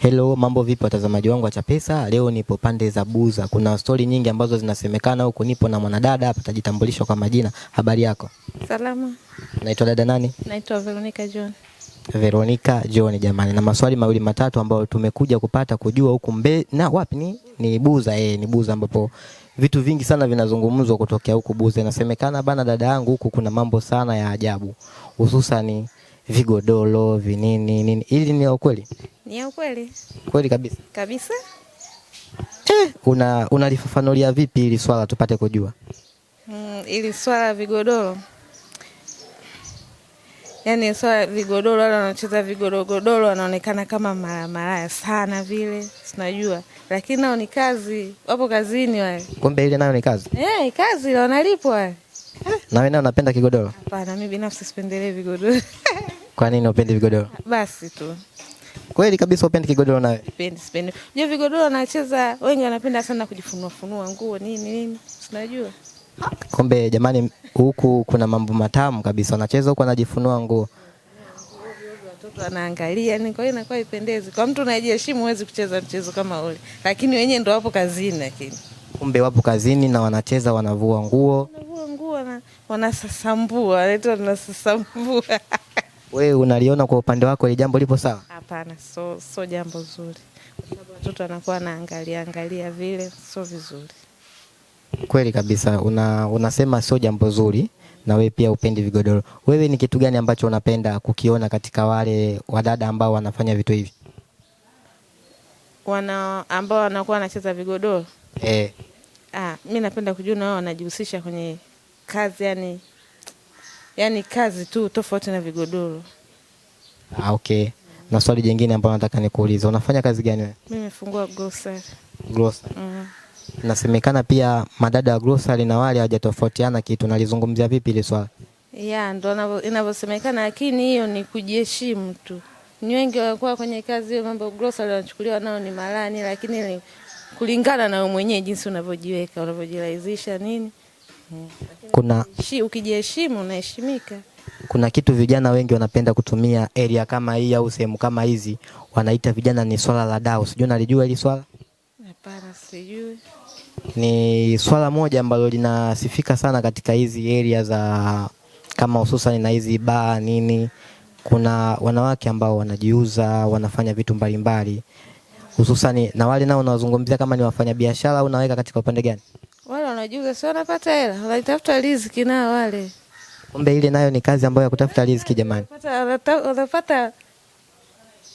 Hello, mambo vipi watazamaji wangu wa Chapesa. Leo nipo pande za Buza. Kuna stori nyingi ambazo zinasemekana huku. Nipo na mwanadada hapa, atajitambulisha kwa majina. Habari yako? Salama. Naitwa dada nani? Naitwa Veronica John. Veronica John, jamani, na maswali mawili matatu ambayo tumekuja kupata kujua huku mbe na wapi ni ni Buza eh, ni Buza ambapo vitu vingi sana vinazungumzwa kutokea huku Buza. Inasemekana bana, dada yangu, huku kuna mambo sana ya ajabu hususani vigodoro vinini nini, ili ni ya ukweli? Ni ya ukweli kweli kabisa kabisa. Eh, una unalifafanulia vipi ili swala tupate kujua? Mm, ili swala vigodoro, yaani swala vigodoro, wale wanacheza vigodogodoro wanaonekana kama mara maraya sana vile, tunajua lakini nao ni kazi, wapo kazini wale. Kumbe ile nayo ni kazi eh, kazi wanalipwa. Eh, na wewe unapenda kigodoro? Hapana, mimi binafsi sipendelee vigodoro Kwa nini upendi vigodoro? Basi tu. Kweli kabisa upendi kigodoro nawe? Sipendi, sipendi. Je, vigodoro anacheza wengi wanapenda sana kujifunua funua nguo nini nini. Unajua? Kumbe jamani huku kuna mambo matamu kabisa. Anacheza huku anajifunua nguo. Watoto wanaangalia ni kwa hiyo inakuwa ipendezi. Kwa mtu anayejiheshimu huwezi kucheza mchezo kama ule. Lakini wenyewe ndio wapo kazini lakini. Kumbe wapo kazini na wanacheza wanavua nguo. Wanavua nguo na wanasasambua, wanaitwa wanasasambua. Wewe unaliona kwa upande wako ile jambo lipo sawa? Hapana, so so jambo zuri, sababu watoto wanakuwa naangalia angalia vile, sio vizuri. Kweli kabisa, una unasema sio jambo zuri na wewe pia upendi vigodoro. Wewe ni kitu gani ambacho unapenda kukiona katika wale wadada ambao wanafanya vitu hivi, wana ambao wanakuwa wanacheza vigodoro eh? Ah, mimi napenda kujua na wao wanajihusisha kwenye kazi yani yani kazi tu tofauti na vigodoro. Ah, okay. Na swali jingine ambalo nataka nikuulize, unafanya kazi gani wewe? Mimi nimefungua grocery. Grocery. Mm. Nasemekana pia madada wa grocery na wale hawajatofautiana kitu, nalizungumzia vipi ile swali? Yeah, ndo inavyosemekana, lakini hiyo ni kujiheshimu tu. Ni wengi wanakuwa kwenye kazi hiyo, mambo grocery wanachukuliwa nao ni malani, lakini kulingana na wewe mwenyewe jinsi unavyojiweka, unavyojirahisisha nini kuna ukijiheshimu unaheshimika. Kuna kitu vijana wengi wanapenda kutumia area kama hii au sehemu kama hizi, wanaita vijana ni swala la dau. Sijui unalijua hili swala? Hapana, sijui. Ni swala moja ambalo linasifika sana katika hizi area za kama hususan na hizi baa nini. Kuna wanawake ambao wanajiuza, wanafanya vitu mbalimbali hususani, na wale nao unawazungumzia kama ni wafanyabiashara au unaweka katika upande gani? wanajuza, sio wanapata hela, wanatafuta riziki nao wale. Kumbe ile nayo ni kazi ambayo ya kutafuta riziki jamani, wanapata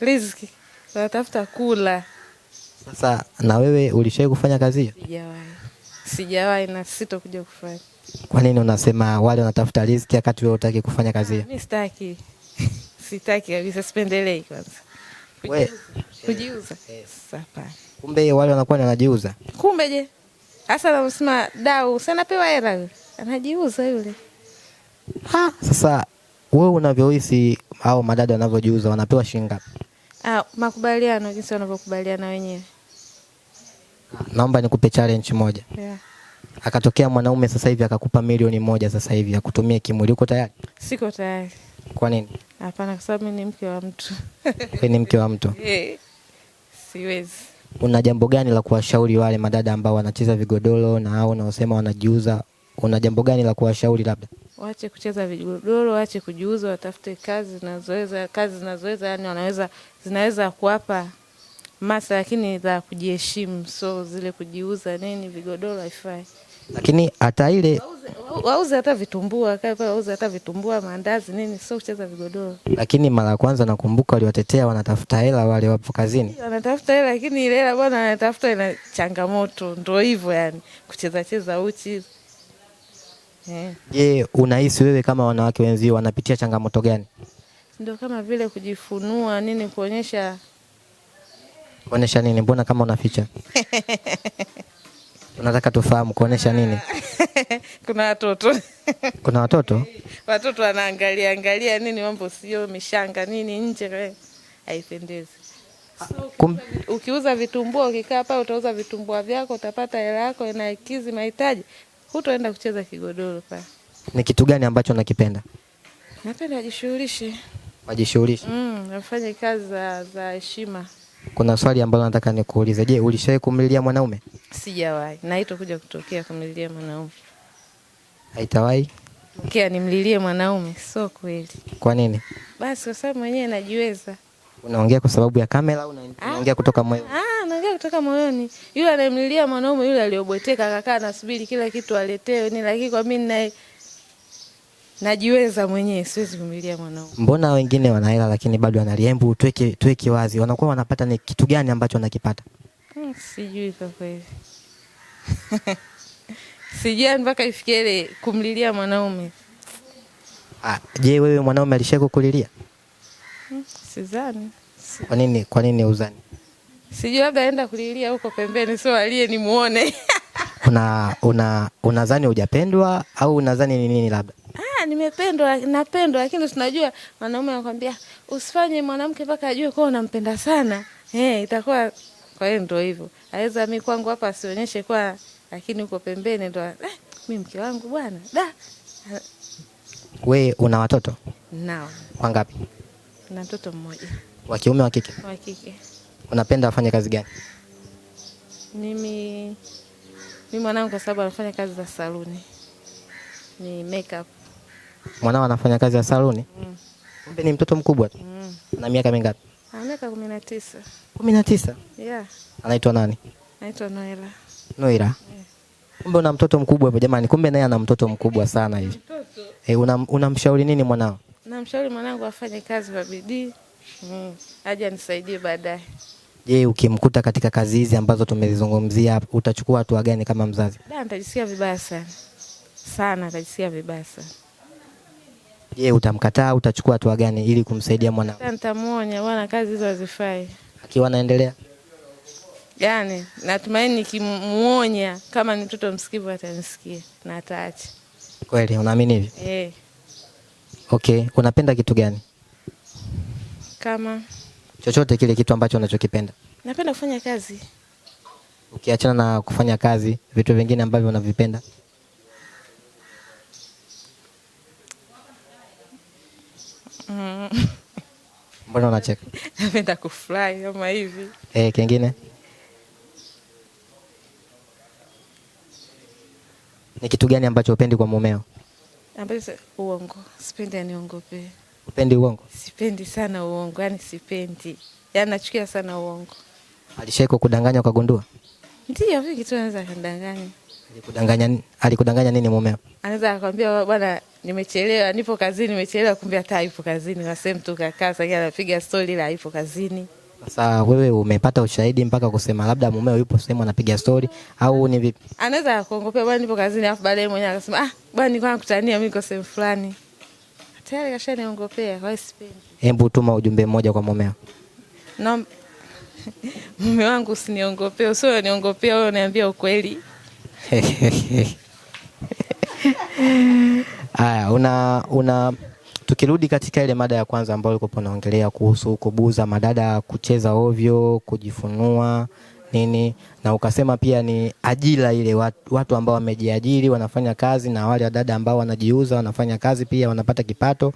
riziki, wanatafuta kula. Sasa na wewe ulishawahi kufanya kazi hiyo? Sijawahi, sijawahi na sitokuja kufanya. Kwa nini unasema wale wanatafuta riziki wakati wewe hutaki kufanya kazi hiyo? Mimi sitaki, sitaki kabisa, sipendelei kwanza kujiuza. Eh. Kumbe wale wanakuwa ni wanajiuza. Kumbe je sasa namsema dau, sanapewa hela anajiuza yule. Ha, sasa wewe unavyohisi au madada wanavyojiuza wanapewa shilingi ngapi? Ah, makubaliano jinsi wanavyokubaliana wenyewe. Naomba nikupe challenge moja. Yeah. Akatokea mwanaume sasa hivi akakupa milioni moja sasa hivi akutumie kimwili, uko tayari? Siko tayari. Kwa nini? Hapana, kwa sababu mimi ni mke wa mtu. Ni mke wa mtu. Siwezi una jambo gani la kuwashauri wale madada ambao wanacheza vigodoro na au unaosema wanajiuza? Una jambo gani la kuwashauri? Labda wache kucheza vigodoro, wache kujiuza, watafute kazi zinazoweza, kazi zinazoweza, yani wanaweza, zinaweza kuwapa masa, lakini za kujiheshimu. So zile kujiuza nini, vigodoro haifai, lakini hata ile wauze hata vitumbua, wauze hata vitumbua, maandazi, nini, sio kucheza vigodoro. Lakini mara ya kwanza nakumbuka waliwatetea wanatafuta hela wale wapo kazini, wanatafuta hela, lakini ile hela bwana wanatafuta ina changamoto, ndio hivyo yani, kucheza cheza uchi. Eh. Je, unahisi wewe kama wanawake wenzio wanapitia changamoto gani? Ndio kama vile kujifunua nini, kuonyesha kuonyesha nini? Mbona kama unaficha? Unataka tufahamu kuonyesha nini? kuna watoto kuna watoto watoto wanaangalia angalia nini, mambo sio mishanga nini nje, haipendezi. So, Kum... ukiuza vitumbua ukikaa hapa utauza vitumbua vyako utapata hela yako inakizi mahitaji, hutoenda kucheza kigodoro pale. Ni kitu gani ambacho nakipenda? Napenda wajishughulishe, wajishughulishe mm, kazi za heshima. Kuna swali ambalo nataka nikuulize. Je, ulishawahi kumlilia mwanaume? Sijawahi, na kutokea kumlilia mwanaume. Haitawahi mke animlilie mwanaume, sio kweli. Kwa nini? Basi kwa sababu mwenyewe najiweza. Unaongea kwa sababu ya kamera au ah. unaongea kutoka moyoni? Ah, naongea kutoka moyoni. Yule anayemlilia mwanaume yule aliyobweteka akakaa nasubiri kila kitu aletewe ni, lakini kwa mimi na najiweza mwenyewe, siwezi kumlilia mwanaume. Mbona wengine wanahela lakini bado wanalia? Hebu tuweke tuweke wazi, wanakuwa wanapata ni kitu gani ambacho wanakipata? Hmm, sijui kwa kweli sijui mpaka ifikie ile kumlilia mwanaume. Ah, je, wewe mwanaume alisha kukulilia? Hmm, sidhani. Kwa nini, kwa nini uzani? Sijui labda aenda kulilia huko pembeni, sio alie nimuone. Una, una unadhani hujapendwa au unadhani ni nini? Labda ah, nimependwa, napendwa, lakini tunajua mwanaume anakuambia usifanye mwanamke mpaka ajue kwa unampenda sana. Eh, hey, itakuwa kwa hiyo ndio hivyo, aweza mimi kwangu hapa asionyeshe kwa lakini huko pembeni ndo eh, mimi mke wangu bwana da. Wewe una watoto? Nao. Wangapi? Na mtoto mmoja. Wa kiume wa kike? Wa kike. Unapenda afanye kazi gani? Mimi mimi mwanangu kwa sababu anafanya kazi za saluni ni makeup. Mwanao anafanya kazi ya saluni? Mm. Kumbe ni mtoto mkubwa tu. Mm. Ana miaka mingapi? Ana miaka 19. 19? Yeah. Anaitwa nani? Anaitwa Noela. Noira, kumbe una mtoto mkubwa hapo jamani, kumbe naye ana mtoto mkubwa sana hivi. Eh, unamshauri una nini mwanao? Namshauri mwanangu afanye kazi kwa bidii mm, aje anisaidie baadaye. Je, ukimkuta katika kazi hizi ambazo tumezizungumzia utachukua hatua gani kama mzazi? Da, nitajisikia vibaya sana sana, nitajisikia vibaya sana. Je, utamkataa? Utachukua hatua gani ili kumsaidia mwanao? Nitamwonya bwana, kazi hizo hazifai. Akiwa anaendelea Yani Natumaini nikimuonya kama ni mtoto msikivu atanisikia na ataacha. Kweli unaamini hivyo? Eh. Okay, unapenda kitu gani? Kama chochote kile kitu ambacho unachokipenda. Napenda kufanya kazi. Ukiachana na kufanya kazi, vitu vingine ambavyo unavipenda? Mm. Mbona unacheka? Napenda kufly kama hivi. Eh, kingine? Ni kitu gani ambacho upendi kwa mumeo? Ambacho uongo. Sipendi aniongope. Upendi uongo? Sipendi sana uongo, yani sipendi. yani nachukia sana uongo. Alishaiko kudanganya ukagundua? Ndio, vipi tu anaweza kudanganya. Alikudanganya nini? Alikudanganya nini mumeo? Anaweza akwambia bwana nimechelewa, nipo kazini, nimechelewa kumbe hata ipo kazini. Nasema tu kakaa sasa anapiga stori la ipo kazini. Sasa wewe umepata ushahidi mpaka kusema labda mumeo yupo sehemu anapiga stori au ni vipi? Anaweza kuongopea bwana, nipo kazini, afu baadaye mwenyewe akasema ah, bwana nilikuwa nakutania mimi kwa sehemu fulani, tayari kashaniongopea. Kwa sipendi. Hebu tuma ujumbe mmoja kwa mumeo. No, mume wangu usiniongopee, usio niongopea wewe, uniambia ukweli. Haya, una una Tukirudi katika ile mada ya kwanza ambayo ulikuwa unaongelea kuhusu kubuza madada kucheza ovyo, kujifunua nini, na ukasema pia ni ajira ile watu, watu ambao wamejiajiri wanafanya kazi na wale wadada ambao wanajiuza wanafanya kazi pia wanapata kipato,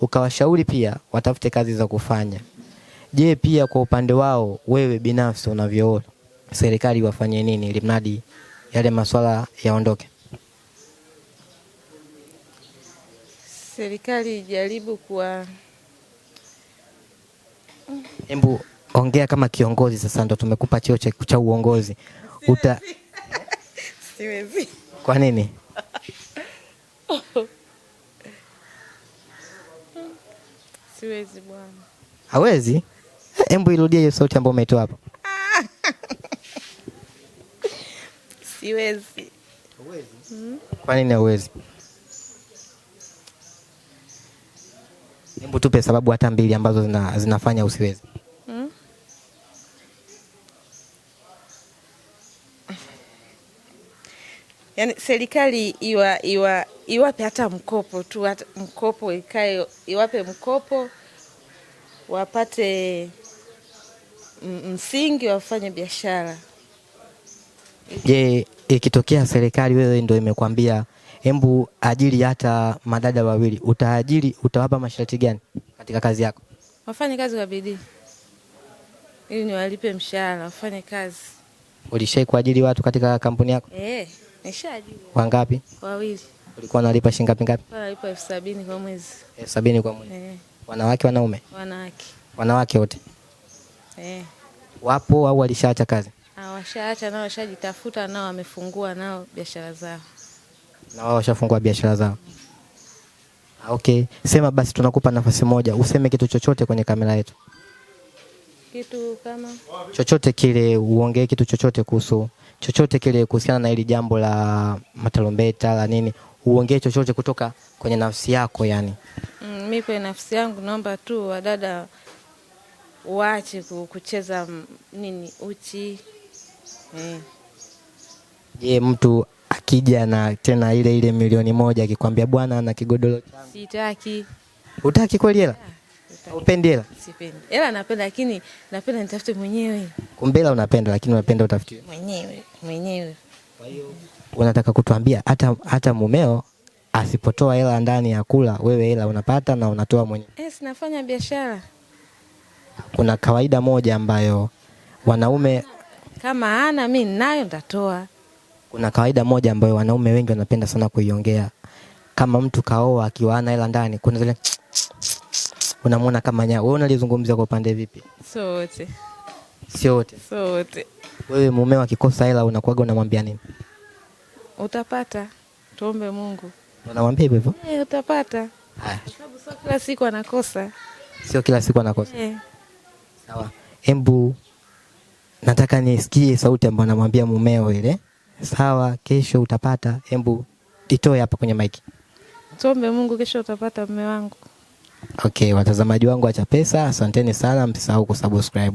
ukawashauri pia watafute kazi za kufanya. Je, pia kwa upande wao wewe binafsi unavyoona serikali wafanye nini ili mradi yale masuala yaondoke? serikali ijaribu kuwa. embu ongea kama kiongozi sasa, ndo tumekupa cheo cha uongozi uta siwezi. Kwa nini? Siwezi bwana. Hawezi? Embu irudia hiyo sauti ambayo umeitoa hapo. Siwezi. Hawezi? Kwa nini hawezi? Hebu tupe sababu hata mbili ambazo zina, zinafanya usiweze. Hmm? Yaani serikali iwa, iwa, iwape hata mkopo tu hata mkopo ikae iwape mkopo wapate msingi wafanye biashara. Je, ikitokea serikali wewe ndio imekwambia Hembu ajiri hata madada wawili, utaajiri utawapa masharti gani katika kazi yako? Wafanye kazi kwa bidii ili niwalipe mshahara, wafanye kazi. Ulishai kuajiri watu katika kampuni yako? Eh, nishaajiri. Wangapi? Wawili. Ulikuwa unalipa shilingi ngapi ngapi? Nalipa elfu sabini kwa mwezi. Elfu sabini kwa mwezi. Eh. Wanawake wanaume? Wanawake. Wanawake wote? Eh. Wapo au walishaacha kazi? Ah, washaacha nao, washajitafuta nao, wamefungua nao biashara zao na wao washafungua biashara zao. Ah, okay, sema basi, tunakupa nafasi moja useme kitu chochote kwenye kamera yetu, kitu kama chochote kile, uongee kitu chochote kuhusu chochote kile kuhusiana na hili jambo la matarumbeta la nini, uongee chochote kutoka kwenye nafsi yako yani. Mm, mi kwenye nafsi yangu naomba tu wadada waache kucheza mm, nini uchi. Eh. Je, eh, mtu akija na tena ile ile milioni moja akikwambia bwana na kigodoro changu. Sitaki. Utaki kweli hela? Upendi hela? Sipendi. Hela napenda lakini napenda nitafute mwenyewe. Kumbe hela unapenda lakini unapenda utafute mwenyewe, mwenyewe. Kwa hiyo unataka kutuambia hata hata mumeo asipotoa hela ndani ya kula, wewe hela unapata na unatoa mwenyewe. Eh, Yes, sinafanya biashara. Kuna kawaida moja ambayo wanaume kama ana mimi ninayo nitatoa kuna kawaida moja ambayo wanaume wengi wanapenda sana kuiongea. Kama mtu kaoa akiwa ana hela ndani, kuna zile unamwona kama nyao. Wewe unalizungumzia kwa upande vipi? Sote sote sote. Wewe mumeo akikosa hela unakuaga unamwambia nini? Utapata, tuombe Mungu. Unamwambia hivyo hivyo? Eh, utapata. sababu sio kila siku anakosa, sio kila siku anakosa. Eh, sawa. Hebu nataka nisikie sauti ambayo anamwambia mumeo ile sawa, kesho utapata. Hebu itoe hapa kwenye maiki, tuombe Mungu, kesho utapata mme wangu. Okay, watazamaji wangu wa Chapesa, asanteni sana, msisahau kusubscribe.